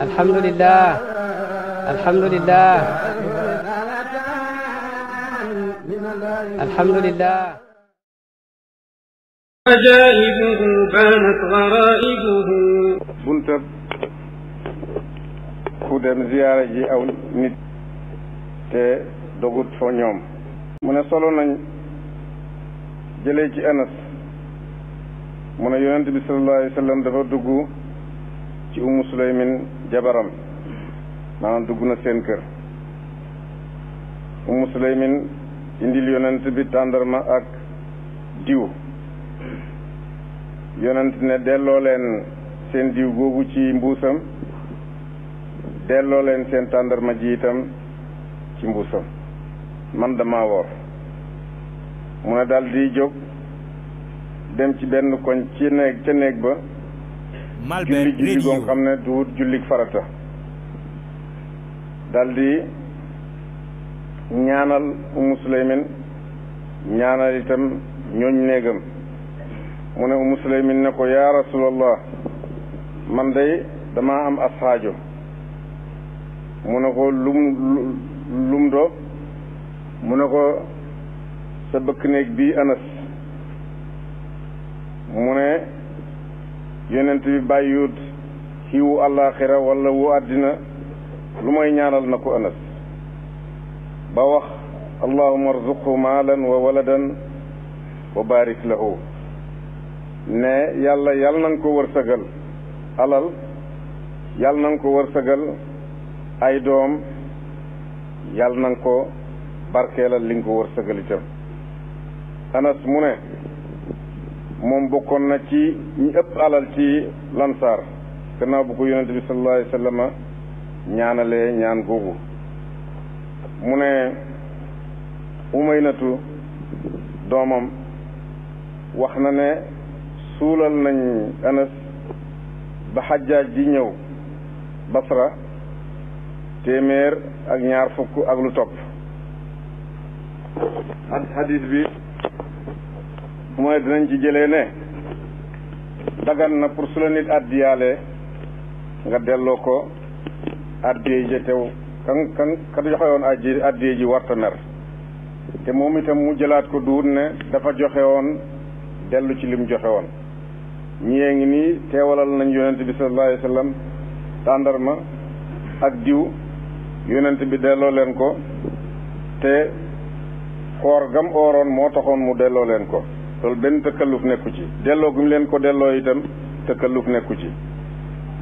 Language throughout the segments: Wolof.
alhamdulilah alhamdulilah alhamdulilah ajaa'ibuhu baanat garaa'ibuhu buntab ku dem ziyaara ji aw nit te dogut fo ñoom mu ne solo nañ jëlee ci anas mu ne yonent bi sallallahu alayhi wa dafa dugg ci umu suleymin jabaram maanaam dugg na seen kër umu suleymin indil yonent bi tàndarma ak diw yonent ne delloo leen seen diw googu ci mbuusam delloo leen seen tàndarma ji itam ci mbuusam man dama woor mu ne daal di jóg dem ci benn koñ ci néeg ca néeg ba julli julli goom xam ne du jullik farata daal ñaanal umu suleymin ñaanal itam ñooñ néegam mu ne umu suleymin ne ko yaa rasulallah man day damaa am asxaajo mu ne ko lum lum do mu ne ko sa bëkk néeg bii anas mu ne yonent bi bàyyiwut xiiwu àllaaxira walla wu àddina lu may ñaanal na ko anas ba wax allahuma arzuqhu maalan wa waladan wa barik lahu ne yàlla yàlla na nga ko wërsëgal alal yàlla na nga ko wërsëgal ay doom yàlla na nga ko barkeelal li nga ko wërsëgal itam anas mu ne moom bokkoon na ci ñi ëpp alal ci lansaar gannaaw bu ko yonente bi sallallahu alayhi wa ñaan googu mu ne umaynatu doomam wax na ne suulal nañ anas ba xajjaaj ji ñëw basra téeméer ak ñaar fukk ak lu topp hadis bi mooy dinañ ci jëlee ne dagan na pour su la nit addiyaale nga delloo ko addiyee ji tew kan kan ka joxe woon aji addiyee ji warta mer te moom itam mu jëlaat ko duut ne dafa joxewoon woon dellu ci lim joxe woon ñiyee ngi nii teewalal nañ yonent bi sallallahu alayhi wa sallam tàndarma ak diw yonent bi delloo leen ko te xoor gam ooroon moo taxoon mu delloo leen ko loolu benn tëkkalluf nekku ci delloo gu mu leen ko delloo itam tëkkalluf nekku ci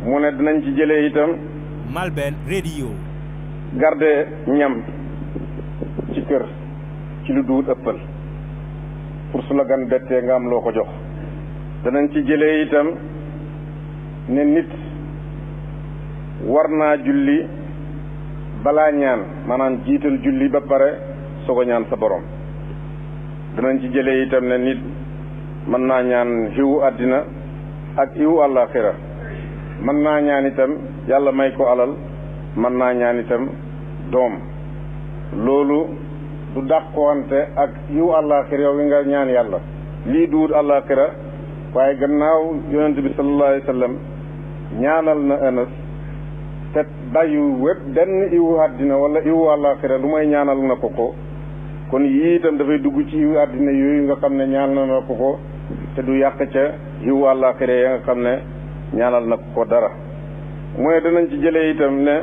mu ne dinañ ci jëlee itam Malben radio garde ñam ci kër ci lu duut ëppal pour su la gan bettee nga am loo ko jox danañ ci jëlee itam ne nit war naa julli balaa ñaan maanaam jiital julli ba pare soog ko ñaan sa borom danañ ci jëlee itam ne nit mën naa ñaan xiwu àddina ak iwu àllaaxira mën naa ñaan itam yàlla may ko alal mën naa ñaan itam doom loolu du dàqoonte ak yiw àllaaxira yow wi nga ñaan yàlla lii duut àllaaxira waaye gannaaw yonent bi sallallahu ñaanal na Anas te dayu wépp benn iwu àddina wala iwu àllaaxira lu may ñaanal na ko ko kon yii itam dafay dugg ci yiw àddina yooyu nga xam ne ñaanal na ko ko te du yàq ca yiw àllaaxira ya nga xam ne ñaanal na ko dara mooy ne ci jëlee itam ne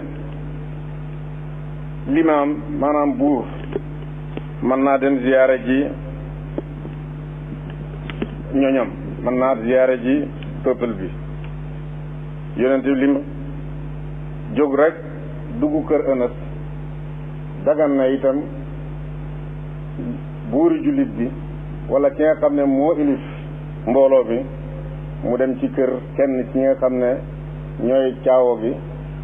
limaam maanaam buur mën naa dem ziyaare ji ñoñam mën naa ziyaare ji peuple bi yonente lim jóg rek dugg kër ënës dagan na itam buuri jullit bi wala ki nga xam ne moo ilif mbooloo bi mu dem ci kër kenn ki nga xam ne ñooy caawo bi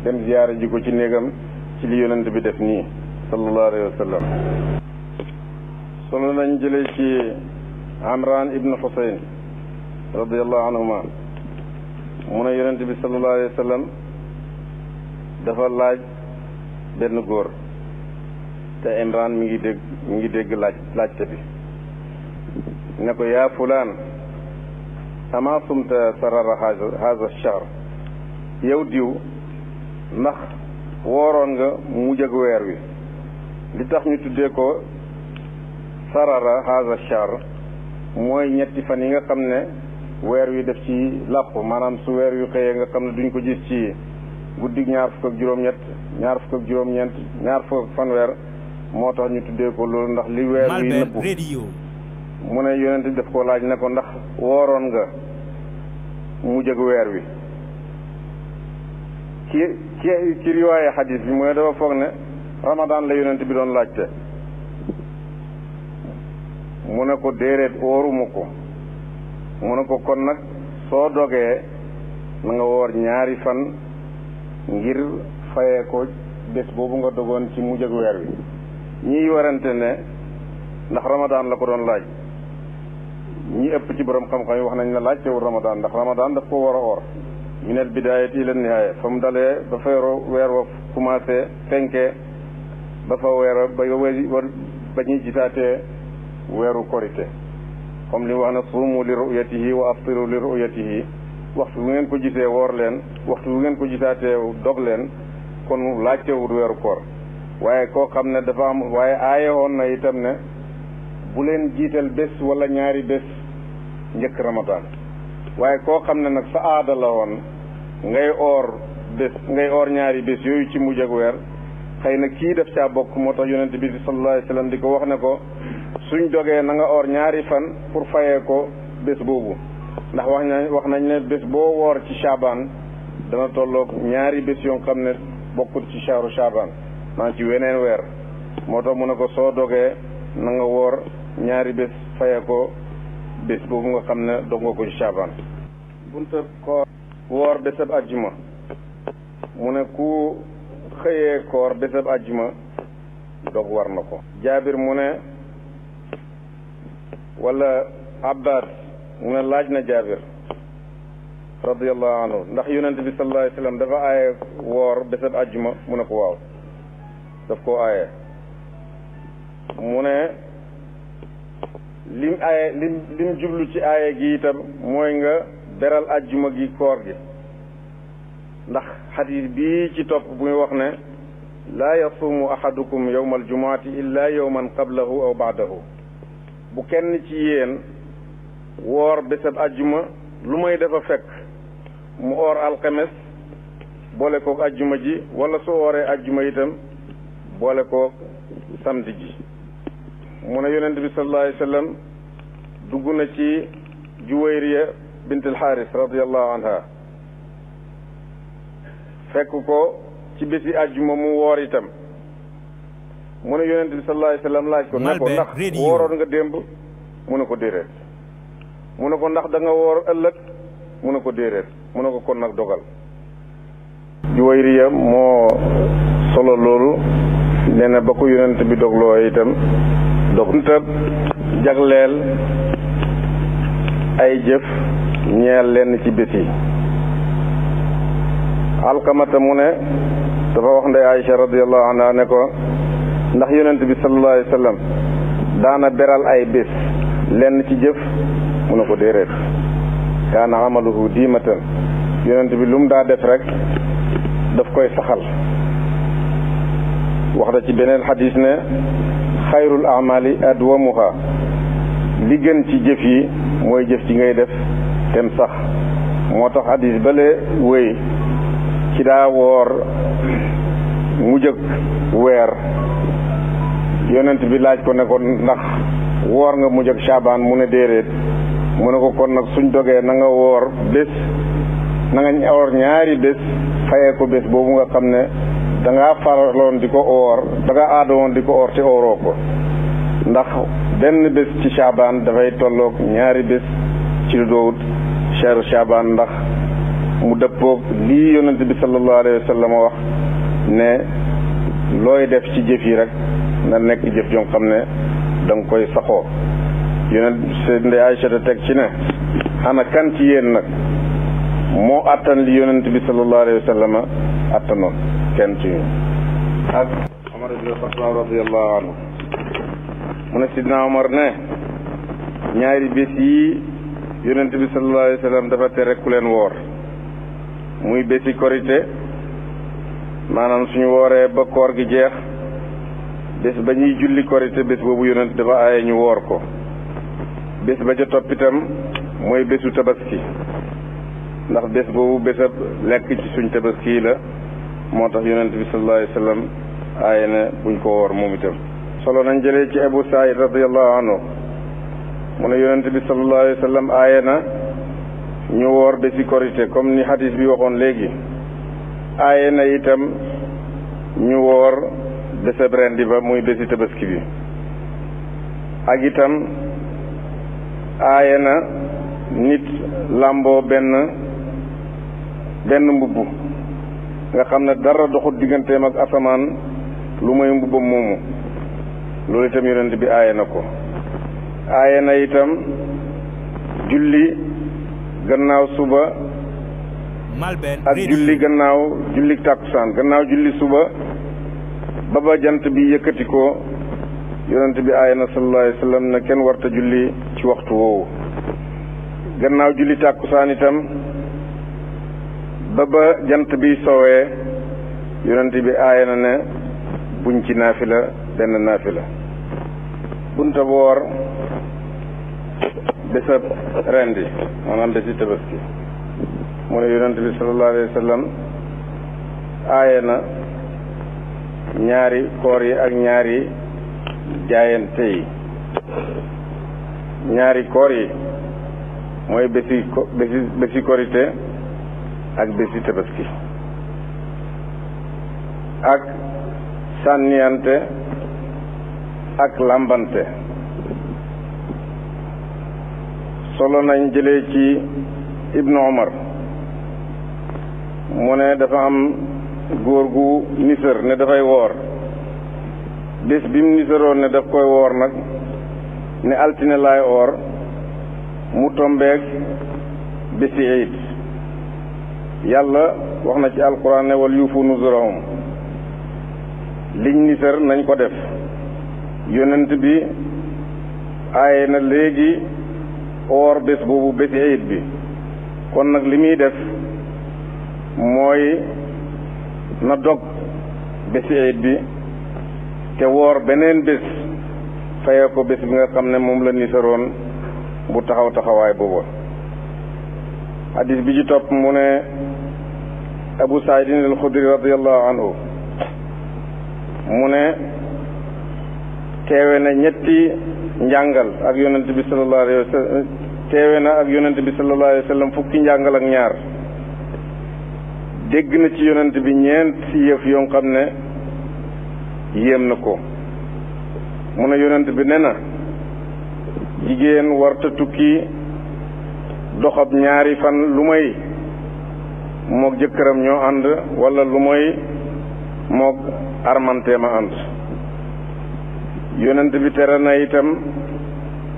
dem ziyaara ji ko ci néegam ci li yonent bi def nii sallallahu alayhi wa sallam solo nañ jëlee ci amran ibnu xusayn radiallahu anhuma mu ne yonent bi sallallahu alayhi wa sallam dafa laaj benn góor te Imran mi ngi dégg mi ngi dégg laaj laajte bi ne ko yaa fulaan ama sumta sarara haza shahr yow diw ndax wooroon nga mu jëg weer wi li tax ñu tuddee ko sarara haza shahr mooy ñetti fan yi nga xam ne weer wi def ci làpp maanaam su weer yu xëyee nga xam ne duñ ko gis ci guddig ñaar fukk ak juróom-ñett ñaar fukk ak juróom-ñeent moo tax ñu tuddee ko loolu ndax li weer wi nëpp mu ne yonent di daf ko laaj ne ko ndax wooroon nga mu jëg weer wi ci ci ci riwaaye xadis bi mu ne dafa foog ne ramadaan la yonent bi doon laajte mu ne ko déedéet wooruma ko mu ne ko kon nag soo dogee na nga woor ñaari fan ngir fayee ko bés boobu nga dogoon ci mujj ak weer wi ñiy warante ne ndax ramadaan la ko doon laaj ñi ëpp ci borom xam-xam yi wax nañ la laaj teewul ramadaan ndax ramadaan daf ko war a oor min al bidaayati ila nihaaya fa mu dalee ba feeru weer wa commencé fenkee dafa fa weer ba ba ñuy gisaatee weeru korité comme li wax na suumu li ru'yatihi wa aftiru li ru'yatihi waxtu bu ngeen ko gisee woor leen waxtu bu ngeen ko gisaatee dog leen kon laaj teewul weeru koor waaye koo xam ne dafa am waaye aayewoon na itam ne bu leen jiital bés wala ñaari bés njëkk ramadan waaye koo xam ne nag sa aada la woon ngay oor bés ngay oor ñaari bés yooyu ci mujj ak weer xëy na kii def caa bokk moo tax yonent bi sallallahu alayhi wa sallam di ko wax ne ko suñ dogee na nga oor ñaari fan pour fayee ko bés boobu ndax wax nañ wax nañ ne bés boo woor ci chaabaan dana tolloog ñaari bés yoo xam ne bokkul ci shaaru chaabaan maa ci weneen weer moo tax mu ne ko soo dogee na nga woor ñaari bés faye ko bés boobu nga xam ne dog nga ko ci caabaan bunta koor woor bésab ajjuma mu ne ku xëyee koor bésab ajjuma dog war na ko jaabir mu ne wala abbas mu ne laaj na jaabir radiallahu anhu ndax yonent bi sallallahu alayhi wa sallam dafa aaye woor bésab ajjuma mu ne ko waaw daf koo aaye mu ne lim aaye lim lim jublu ci aaye gi itam mooy nga beral ajjuma gi koor gi ndax xadiis bii ci topp bu wax ne laa yasuumu ahadukum yowma aljumaati illa yowman qablahu aw baadahu bu kenn ci yéen woor bésab ajjuma lu may dafa fekk mu oor alxames boole kook ajjuma ji wala su ooree ajjuma itam boole ko samedi ji mu ne yonent bi sallallahu alayhi dugg na ci juwayriya bint alxaaris radiallahu anha fekk ko ci bési àjjuma mu woor itam mu ne yonent bi sallallahu alayhi wa sallam laaj ko ne ko ndax wooroon nga démb mu ne ko déedéet mu ne ko ndax danga nga woor ëllëg mu ne ko déedéet mu ne ko kon nag dogal juwayriya moo solo loolu nee na ba ko yonent bi dogloo itam dog nta jagleel ay jëf ñeel lenn ci bés yi alkamata mu ne dafa wax ndey Aïcha radiallahu anha ne ko ndax yonent bi sallallahu alayhi wa daana beral ay bés lenn ci jëf mu ne ko déeréet kaana amaluhu diimatan yonent bi lu mu daa def rek daf koy saxal wax na ci beneen xadis ne xayrul amali adwamuha li gën ci jëf yi mooy jëf ci ngay def tem sax moo tax xadis bale wéy ci daa woor mu jëkk weer yonent bi laaj ko ne ko ndax woor nga mu jëkk saabaan mu ne déedéet mu ne ko kon nag suñ dogee na nga woor bés na nga woor ñaari bés fayee ko bés boobu nga xam ne danga ngaa faraloon di ko oor danga ngaa di ko oor te ooroo ko ndax benn bés ci Chaabaan dafay tolloog ñaari bés ci lu doowut cheru ndax mu dëppoog lii yonent bi sallallahu alayhi wa sallam wax ne looy def ci jëf yi rek na nekk jëf joo xam ne da koy saxoo yonent Ndey Aysa teg ci ne ana kan ci yéen nag moo attan li yonent bi sallallahu alayhi wa sallam kenn ci mu ne sidna Omar ne ñaari bés yi yonent bi sallallahu alayhi wa sallam dafa tere ku leen woor muy bési korite maanaam suñu wooree ba koor gi jeex bés ba ñuy julli korite bés boobu yonent dafa aaye ñu woor ko bés ba ca toppitam mooy bésu tabaski ndax bés boobu bésab lekk ci suñ tabaski la moo tax yonent bi sallallahu alayhi aaye ne buñ ko woor moom itam solo nañ jëlee ci abu saïd radiallahu anhu mu ne yonent bi sallallahu alayhi aaye na ñu woor bési korité comme ni hadis bi waxoon léegi aaye na itam ñu woor béseb rendi ba muy bési tabaski bi ak itam aaye na nit làmboo benn benn mbubb nga xam ne dara doxut digganteem ak asamaan lu may mbubbam moomu loolu itam yonent bi aaye na ko aaye na itam julli gannaaw suba ak julli gannaaw julli tàkkusaan gannaaw julli suba ba ba jant bi yëkkati ko yonent bi aaye na sallallahu alayhi ne kenn warta julli ci waxtu woowu gannaaw julli tàkkusaan itam ba ba jant bi soowee yonent bi aaya na ne buñ ci naafila benn naafila bunta woor bésab rendi maanaam bési tabaski mu ne yonent bi sallallahu alayhi wa sallam na ñaari koor yi ak ñaari jaayante yi ñaari koor yi mooy bési bési bési korité ak bési tabaski ak sànniyante ak làmbante solo nañ jële ci ibnu omar mu ne dafa am góor gu nisër ne dafay woor bés bi mu nisëroon ne daf koy woor nag ne altine laay oor mu tombeeg bési iid yàlla wax na ci alquran ne wal yuufu nuzurahum liñ nisar nañ ko def yonent bi aaye na léegi oor bés boobu bési ayit bi kon nag li muy def mooy na dog bési ayit bi te woor beneen bés fayee ko bés bi nga xam ne moom la nisaroon bu taxaw taxawaay booba hadis bi ci topp mu ne abu saidin al xudri radiallahu anhu mu ne teewe na ñetti njàngal ak yonent bi sallallahu alayhi wa teewe na ak yonent bi sallallahu alayhi wa sallam fukki njàngal ak ñaar dégg na ci yonent bi ñeent si yëf yoo xam ne yéem na ko mu ne yonent bi ne na jigéen warta tukki doxab ñaari fan lu may moog jëkkëram ñoo ànd walla lu mooy moog armanteema ànd yonent bi tere na itam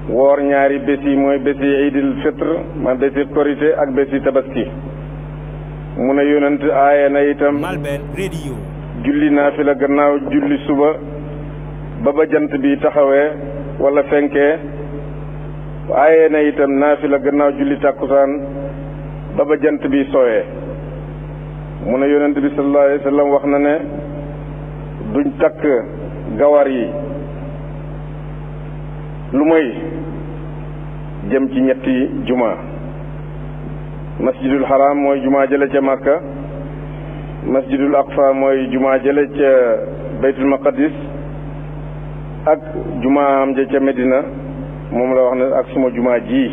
woor ñaari bés yi mooy bés yi iidil fitr ma bési korité ak bési tabaski mu ne yonent aaye na itam julli naa fi la gannaaw julli suba ba ba jant bi taxawee wala fenkee aaye na itam naa fi la gannaaw julli tàkkusaan ba ba jant bi sowee mu ne yonent bi sallallahu wax na ne duñ takk gawar yi lu may jëm ci ñetti jumaa masjidul haram mooy juma jële ca màkka masjidul aqsa mooy juma jële ca baytul maqadis ak juma am ja ca medina moom la wax ne ak suma jumaa ji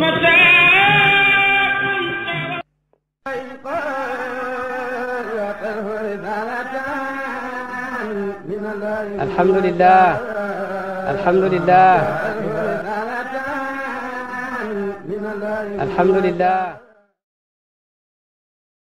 alhamdulillah alhamdulillah alhamdulillah